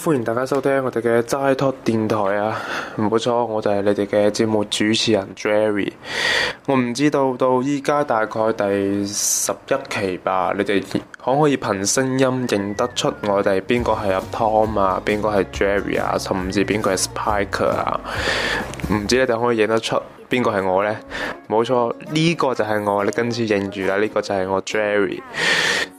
歡迎大家收聽我哋嘅齋 talk 電台啊，唔冇錯，我就係你哋嘅節目主持人 Jerry。我唔知道到依家，大概第十一期吧，你哋可唔可以憑聲音認得出我哋邊個係阿 Tom 啊，邊個係 Jerry 啊，甚至邊個係 Spike 啊？唔知你哋可唔可以認得出？邊個係我呢？冇錯，呢、這個就係我。你今次認住啦，呢、這個就係我 Jerry。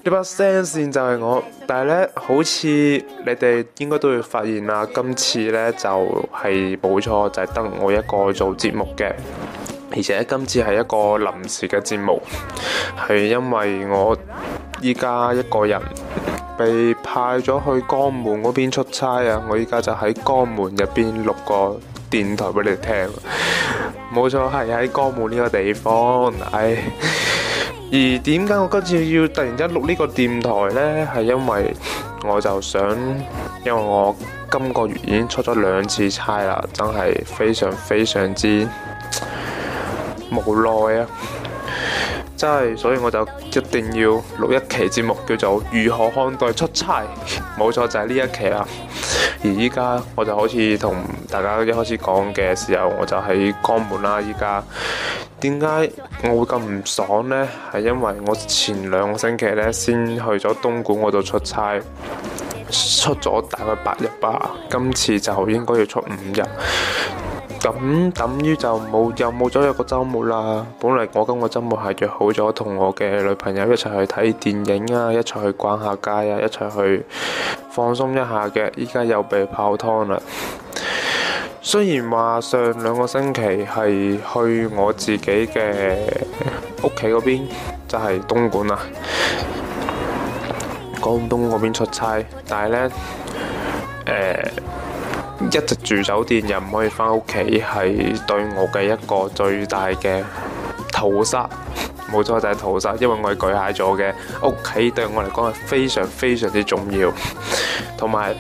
呢把聲線就係我，但係呢，好似你哋應該都會發現啦。今次呢就係、是、冇錯，就係、是、得我一個做節目嘅，而且今次係一個臨時嘅節目，係因為我依家一個人被派咗去江門嗰邊出差啊。我依家就喺江門入邊錄個電台俾你聽。冇錯，係喺江門呢個地方。唉，而點解我今次要突然間錄呢個電台呢？係因為我就想，因為我今個月已經出咗兩次差啦，真係非常非常之無奈啊！真係，所以我就一定要錄一期節目，叫做《如何看待出差》。冇錯，就係呢一期啦。而依家我就好似同大家一開始講嘅時候，我就喺江門啦，啊。依家點解我會咁唔爽呢？係因為我前兩個星期呢，先去咗東莞嗰度出差，出咗大概八日吧。今次就應該要出五日。 咁等於就冇又冇咗一個周末啦。本嚟我今個周末係約好咗同我嘅女朋友一齊去睇電影啊，一齊去逛下街啊，一齊去放鬆一下嘅。依家又被泡湯啦。雖然話上兩個星期係去我自己嘅屋企嗰邊，就係東莞啊，廣東嗰邊出差，但係呢，呃一直住酒店又唔可以翻屋企，係對我嘅一個最大嘅屠殺。冇錯就係、是、屠殺，因為我係巨蟹座，嘅屋企，對我嚟講係非常非常之重要，同埋。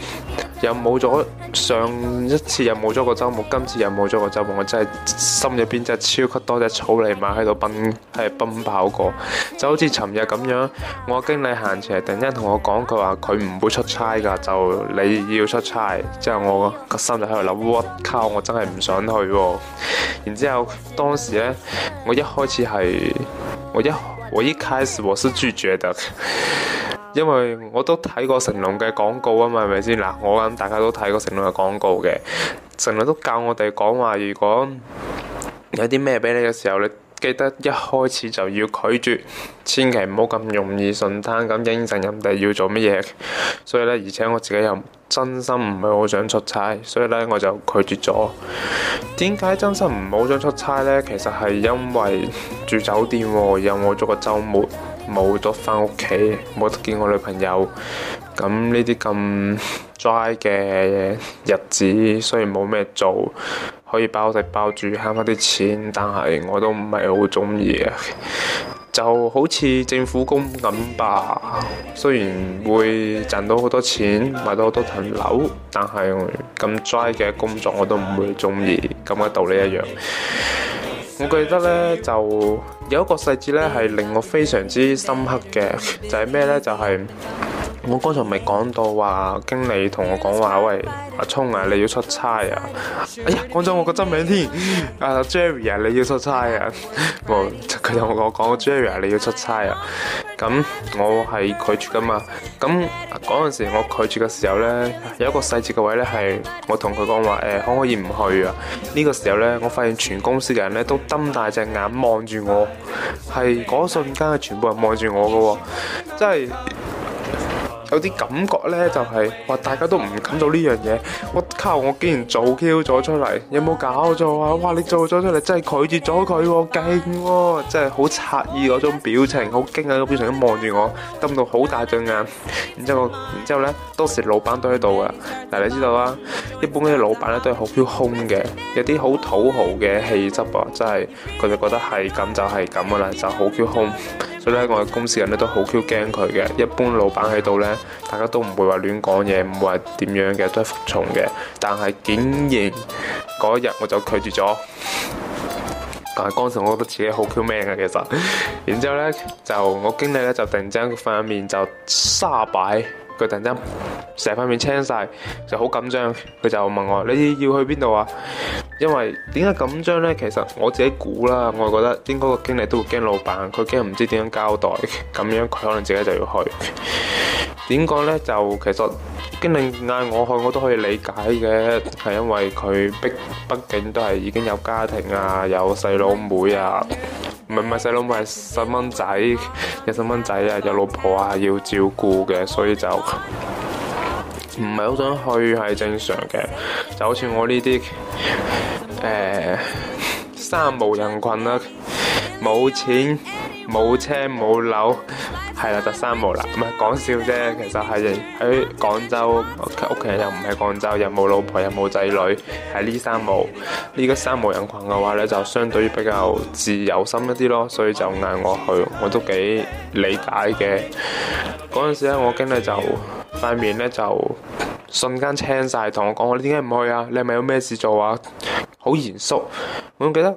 又冇咗上一次，又冇咗個周末，今次又冇咗個周末，我真係心入邊真係超級多隻草泥馬喺度奔，喺度奔跑過。就好似尋日咁樣，我經理行前突然間同我講，佢話佢唔會出差㗎，就你要出差，之後我個心就喺度諗，What? 靠我靠，我真係唔想去喎、啊。然之後當時呢，我一開始係我一我一開始我是拒絕的。 因為我都睇過成龍嘅廣告啊嘛，係咪先？嗱，我諗大家都睇過成龍嘅廣告嘅，成龍都教我哋講話，如果有啲咩俾你嘅時候，你記得一開始就要拒絕，千祈唔好咁容易順攤咁應承人哋要做乜嘢。所以咧，而且我自己又真心唔係好想出差，所以咧我就拒絕咗。點解真心唔好想出差呢？其實係因為住酒店又冇咗個週末。冇咗翻屋企，冇得見我女朋友，咁呢啲咁 dry 嘅日子，雖然冇咩做，可以包食包住慳翻啲錢，但係我都唔係好中意啊！就好似政府工咁吧，雖然會賺到好多錢，買到好多層樓，但係咁 dry 嘅工作我都唔會中意，咁嘅道理一樣。我記得咧，就有一個細節咧，係令我非常之深刻嘅，就係咩咧，就係、是。我剛才咪講到話，經理同我講話，喂，阿聰啊，你要出差啊？哎呀，講咗我個真名添，啊 Jerry 啊，你要出差啊？佢 同我講，Jerry 啊，你要出差啊？咁我係拒絕噶嘛？咁嗰陣時我拒絕嘅時候呢，有一個細節嘅位呢，係我同佢講話，誒可唔可以唔去啊？呢、呢個時候呢，我發現全公司嘅人呢，都瞪大隻眼望住我，係嗰瞬間，全部人望住我噶喎，真係。有啲感覺呢，就係話大家都唔敢做呢樣嘢。我靠！我竟然做 Q 咗出嚟，有冇搞錯啊？哇！你做咗出嚟真係拒絕咗佢喎，勁喎！真係好詫異嗰種表情，好驚訝嘅表情都望住我，瞪到好大對眼。然之後，然之後咧，當時老闆都喺度噶。嗱，你知道啊？一般嗰啲老闆咧都係好 Q 空嘅，有啲好土豪嘅氣質啊，真係佢哋覺得係咁就係咁噶啦，就好 Q 空。所以咧，我哋公司人咧都好 Q 驚佢嘅。一般老闆喺度咧，大家都唔會話亂講嘢，唔會話點樣嘅，都係服從嘅。但係竟然嗰日我就拒絕咗，但係當時我覺得自己好 Q 命呀嘅其實。然之後咧，就我經理咧就突然之間塊面就沙擺，佢突然之間成塊面青晒，就好緊張。佢就問我：你要去邊度啊？因為點解咁張呢？其實我自己估啦，我覺得應該個經理都會驚老闆，佢驚唔知點樣交代，咁樣佢可能自己就要去。點講呢？就其實經理嗌我去，我都可以理解嘅，係因為佢畢畢竟都係已經有家庭啊，有細佬妹啊，唔係唔係細佬妹係細蚊仔，有細蚊仔啊，有老婆啊要照顧嘅，所以就。唔係好想去係正常嘅，就好似我呢啲誒三無人群啦、啊，冇錢冇車冇樓，係啦，就三無啦，唔係講笑啫，其實係喺廣州屋企人又唔係廣州，又冇老婆，又冇仔女，喺呢三無呢、呢個三無人群嘅話呢，就相對於比較自由心一啲咯，所以就嗌我去，我都幾理解嘅。嗰陣時咧，我經歷就～塊面咧就瞬間青晒，同我講：你點解唔去啊？你係咪有咩事做啊？好嚴肅，我記得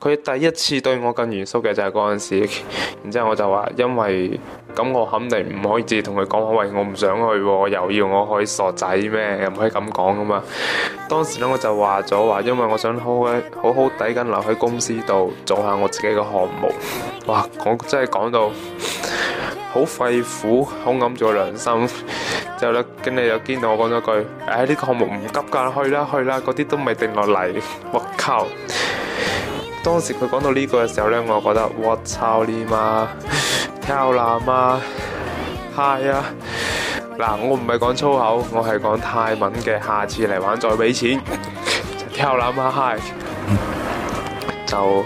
佢第一次對我咁嚴肅嘅就係嗰陣時。然之後我就話：因為咁，我肯定唔可以直接同佢講，喂，我唔想去、啊，又要我開傻仔咩？又唔可以咁講噶嘛。當時咧我就話咗話，因為我想好嘅好好抵緊留喺公司度做下我自己嘅項目。哇！我真係講到好肺腑，好揞住良心。有啦，經理又見到我講咗句，誒、哎、呢、這個項目唔急㗎，去啦去啦，嗰啲都未定落嚟。我靠！當時佢講到呢個嘅時候呢，我覺得我操你媽，跳籃啊嗨啊！嗱、啊，我唔係講粗口，我係講泰文嘅，下次嚟玩再俾錢。跳籃啊嗨！就。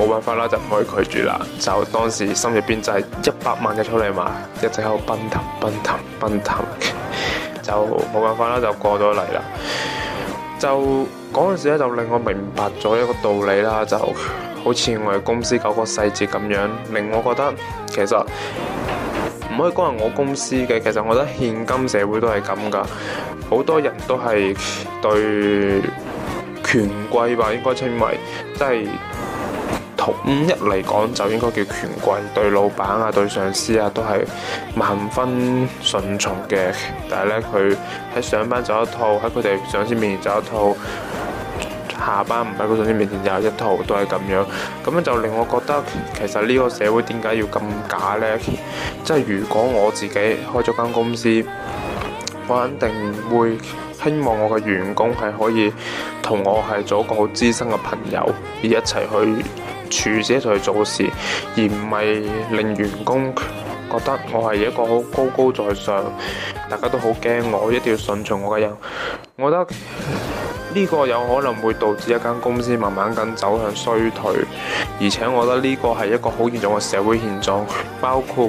冇辦法啦，就唔可以拒絕啦。就當時心入邊就係一百萬嘅草泥馬，一直喺度奔騰奔騰奔騰， 就冇辦法啦，就過咗嚟啦。就嗰陣時咧，就令我明白咗一個道理啦。就好似我哋公司搞個細節咁樣，令我覺得其實唔可以講係我公司嘅。其實我覺得現今社會都係咁噶，好多人都係對權貴吧，應該稱為即係。五、嗯、一嚟講，就應該叫權貴對老闆啊，對上司啊，都係萬分順從嘅。但係呢，佢喺上班就一套，喺佢哋上司面前就一套，下班唔喺佢上司面前就一套，都係咁樣。咁樣就令我覺得，其實呢個社會點解要咁假呢？即係如果我自己開咗間公司，我肯定會希望我嘅員工係可以同我係做一個好資深嘅朋友，而一齊去，處者就去做事，而唔係令員工覺得我係一個好高高在上，大家都好驚我，我一定要順從我嘅人。我覺得呢個有可能會導致一間公司慢慢咁走向衰退，而且我覺得呢個係一個好嚴重嘅社會現狀。包括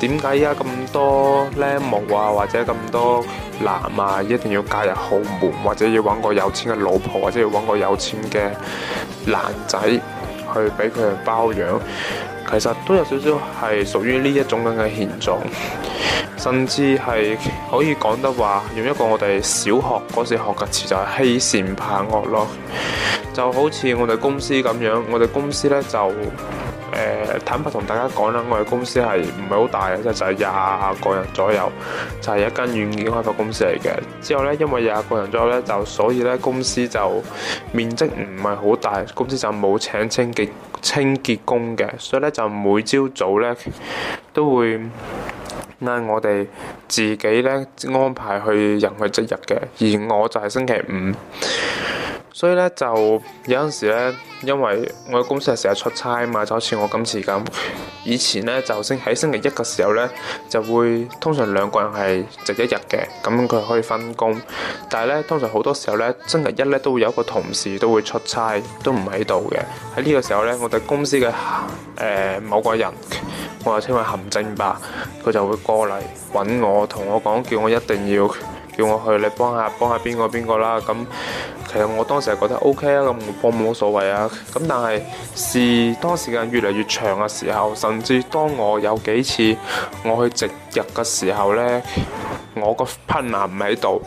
點解依家咁多靚模啊，或者咁多男啊，一定要嫁入豪門，或者要揾個有錢嘅老婆，或者要揾個有錢嘅男仔。去俾佢哋包養，其實都有少少係屬於呢一種咁嘅現狀，甚至係可以講得話，用一個我哋小學嗰時學嘅詞就係「欺善怕惡」咯。就好似我哋公司咁樣，我哋公司呢就。坦白同大家講啦，我哋公司係唔係好大嘅，即就係廿個人左右，就係一間軟件開發公司嚟嘅。之後呢，因為廿個人左右呢，就所以呢，公司就面積唔係好大，公司就冇請清潔清潔工嘅，所以呢，就每朝早呢都會嗌我哋自己呢安排去人去值日嘅。而我就係星期五。所以咧就有陣時咧，因為我嘅公司係成日出差嘛，就好似我今次咁。以前咧就星喺星期一嘅時候咧，就會通常兩個人係值一日嘅，咁佢可以分工。但係咧，通常好多時候咧，星期一咧都會有一個同事都會出差，都唔喺度嘅。喺呢個時候咧，我哋公司嘅誒、呃、某個人，我又稱為行政吧，佢就會過嚟搵我，同我講叫我一定要。叫我去，你幫下幫下邊個邊個啦。咁其實我當時係覺得 OK 啊，咁我冇所謂啊。咁但係是時當時間越嚟越長嘅時候，甚至當我有幾次我去值日嘅時候呢，我個 partner 唔喺度，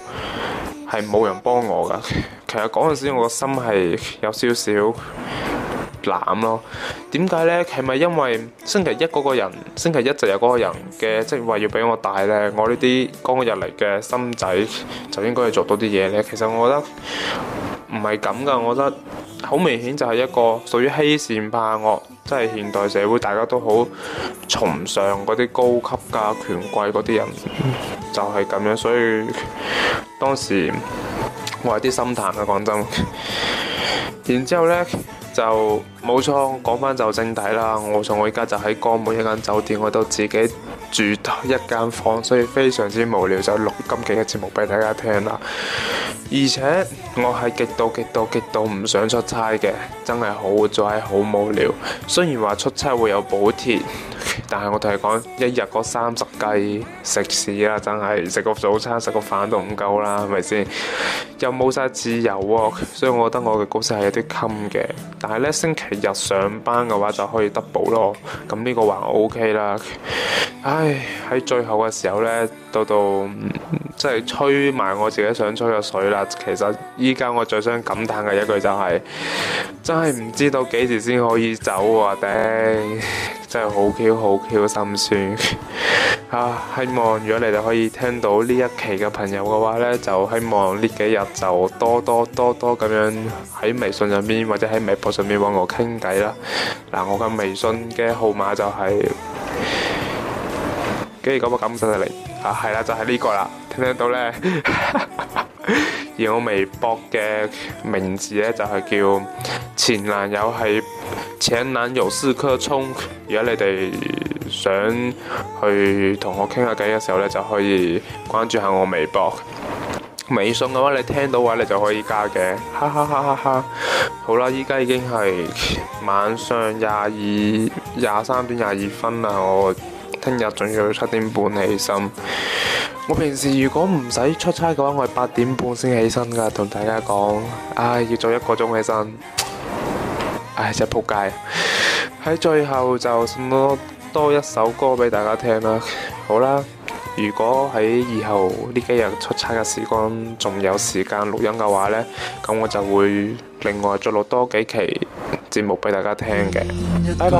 係冇人幫我噶。其實嗰陣時我個心係有少少。攬咯？點解呢？係咪因為星期一嗰個人，星期一就有嗰個人嘅，即係話要比我大呢？我呢啲剛入嚟嘅新仔就應該係做到啲嘢呢？其實我覺得唔係咁噶，我覺得好明顯就係一個屬於欺善怕惡，即係現代社會大家都好崇尚嗰啲高級價權貴嗰啲人，就係咁樣。所以當時我有啲心淡嘅，講真。然之後呢。就冇錯，講翻就正題啦。我從我依家就喺江門一間酒店，我都自己住一間房，所以非常之無聊，就錄今期嘅節目俾大家聽啦。而且我係極度極度極度唔想出差嘅，真係好在好無聊。雖然話出差會有補貼，但係我同你講，一日嗰三十雞食屎啦，真係食個早餐食個飯都唔夠啦，係咪先？又冇晒自由喎、啊，所以我覺得我嘅公司係有啲襟嘅。但係咧，星期日上班嘅話就可以 double 咯，咁呢個還 OK 啦。唉，喺最後嘅時候咧，到到。即係吹埋我自己想吹嘅水啦。其實依家我最想感嘆嘅一句就係、是，真係唔知道幾時先可以走啊！頂，真係好 Q 好 Q 心酸 啊！希望如果你哋可以聽到呢一期嘅朋友嘅話呢，就希望呢幾日就多多多多咁樣喺微信上面或者喺微博上面揾我傾偈啦。嗱、啊，我嘅微信嘅號碼就係九九九九九零啊，係啦，就係、是、呢個啦。聽得到呢， 而我微博嘅名字呢，就係、是、叫前男友係前男友是棵蔥。而家你哋想去同我傾下偈嘅時候呢，就可以關注下我微博。微信嘅話，你聽到話你就可以加嘅。哈哈哈！哈哈，好啦，依家已經係晚上廿二、廿三點廿二分啦。我聽日仲要七點半起身。我平時如果唔使出差嘅話，我係八點半先起身噶，同大家講，唉，要早一個鐘起身，唉，真係仆街。喺最後就送多多一首歌俾大家聽啦，好啦，如果喺以後呢幾日出差嘅時光仲有時間錄音嘅話呢，咁我就會另外再錄多幾期節目俾大家聽嘅，拜拜。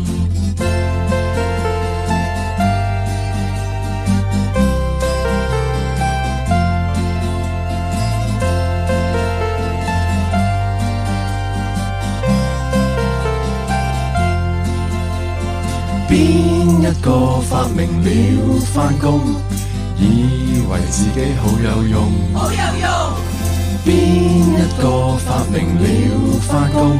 明了翻工，以為自己好有用，好有用。邊一個發明了翻工，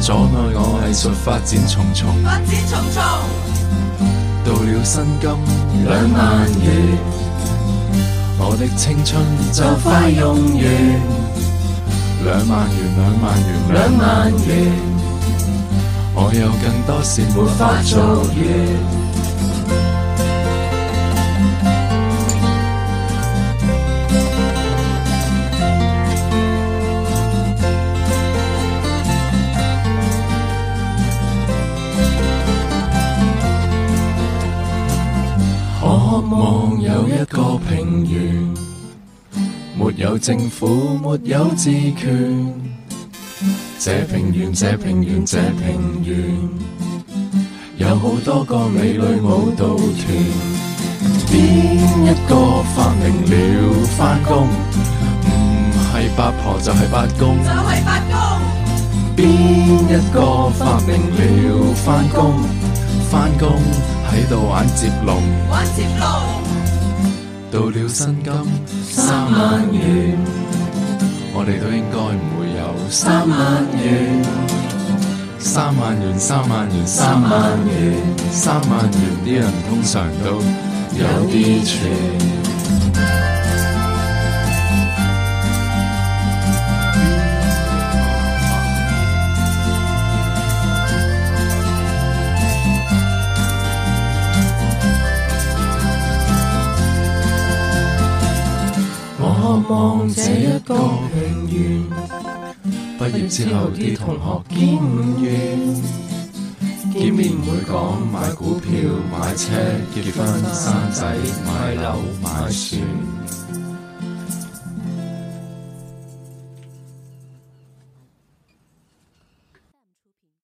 阻礙我藝術發展重重，發展重重。到了薪金兩萬蚊，我的青春就快用完。兩萬蚊兩萬蚊兩萬蚊，兩萬蚊我有更多事沒法做完。望有一個平原，沒有政府，沒有治權。這平原，這平原，這平原，有好多個美女舞蹈團。邊一個發明了返工？唔係、嗯、八婆就係八公，就係八公。邊一個發明了返工？返工。喺度玩接龍，玩接龍。到了薪金三萬元，我哋都應該唔會有三萬元。三萬元，三萬元，三萬元，三萬元，啲人通常都有啲存。望這一個平原，畢業之後啲同學見面，見面唔會講買股票、買車、結婚、生仔、買樓、買船。